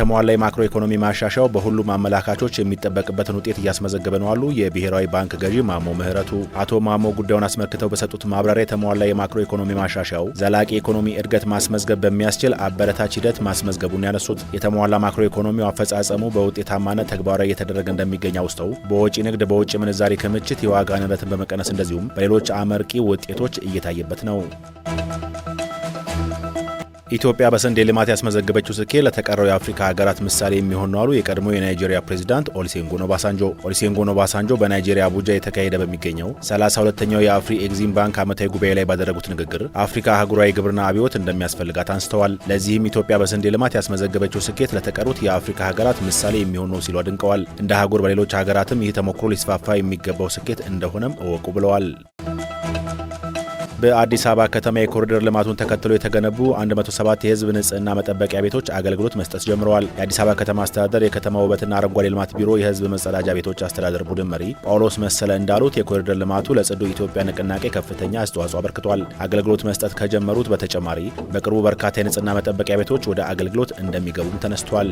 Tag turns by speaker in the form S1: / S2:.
S1: የተሟላ የማክሮ ኢኮኖሚ ማሻሻያው በሁሉም አመላካቾች የሚጠበቅበትን ውጤት እያስመዘገበ ነው አሉ የብሔራዊ ባንክ ገዢ ማሞ ምህረቱ። አቶ ማሞ ጉዳዩን አስመልክተው በሰጡት ማብራሪያ የተሟላ የማክሮ ኢኮኖሚ ማሻሻያው ዘላቂ ኢኮኖሚ እድገት ማስመዝገብ በሚያስችል አበረታች ሂደት ማስመዝገቡን ያነሱት የተሟላ ማክሮ ኢኮኖሚው አፈጻጸሙ በውጤታማነት ተግባራዊ እየተደረገ እንደሚገኝ አውስተው በወጪ ንግድ፣ በውጭ ምንዛሪ ክምችት፣ የዋጋ ንረትን በመቀነስ እንደዚሁም በሌሎች አመርቂ ውጤቶች እየታየበት ነው።
S2: ኢትዮጵያ በስንዴ ልማት ያስመዘገበችው ስኬት ለተቀረው የአፍሪካ ሀገራት ምሳሌ የሚሆን ነው አሉ የቀድሞ የናይጄሪያ ፕሬዚዳንት ኦሊሴንጎን ኦባሳንጆ። ኦሊሴንጎን ኦባሳንጆ በናይጄሪያ አቡጃ የተካሄደ በሚገኘው 32ኛው የአፍሪ ኤግዚም ባንክ ዓመታዊ ጉባኤ ላይ ባደረጉት ንግግር አፍሪካ አህጉራዊ ግብርና አብዮት እንደሚያስፈልጋት አንስተዋል። ለዚህም ኢትዮጵያ በስንዴ ልማት ያስመዘገበችው ስኬት ለተቀሩት የአፍሪካ ሀገራት ምሳሌ የሚሆን ነው ሲሉ አድንቀዋል። እንደ አህጉር በሌሎች ሀገራትም ይህ ተሞክሮ ሊስፋፋ የሚገባው ስኬት እንደሆነም እወቁ ብለዋል።
S3: በአዲስ አበባ ከተማ የኮሪደር ልማቱን ተከትሎ የተገነቡ 107 የህዝብ ንጽህና መጠበቂያ ቤቶች አገልግሎት መስጠት ጀምረዋል። የአዲስ አበባ ከተማ አስተዳደር የከተማ ውበትና አረንጓዴ ልማት ቢሮ የህዝብ መጸዳጃ ቤቶች አስተዳደር ቡድን መሪ ጳውሎስ መሰለ እንዳሉት የኮሪደር ልማቱ ለጽዱ ኢትዮጵያ ንቅናቄ ከፍተኛ አስተዋጽኦ አበርክቷል። አገልግሎት መስጠት ከጀመሩት በተጨማሪ በቅርቡ በርካታ የንጽህና መጠበቂያ ቤቶች ወደ አገልግሎት እንደሚገቡም ተነስቷል።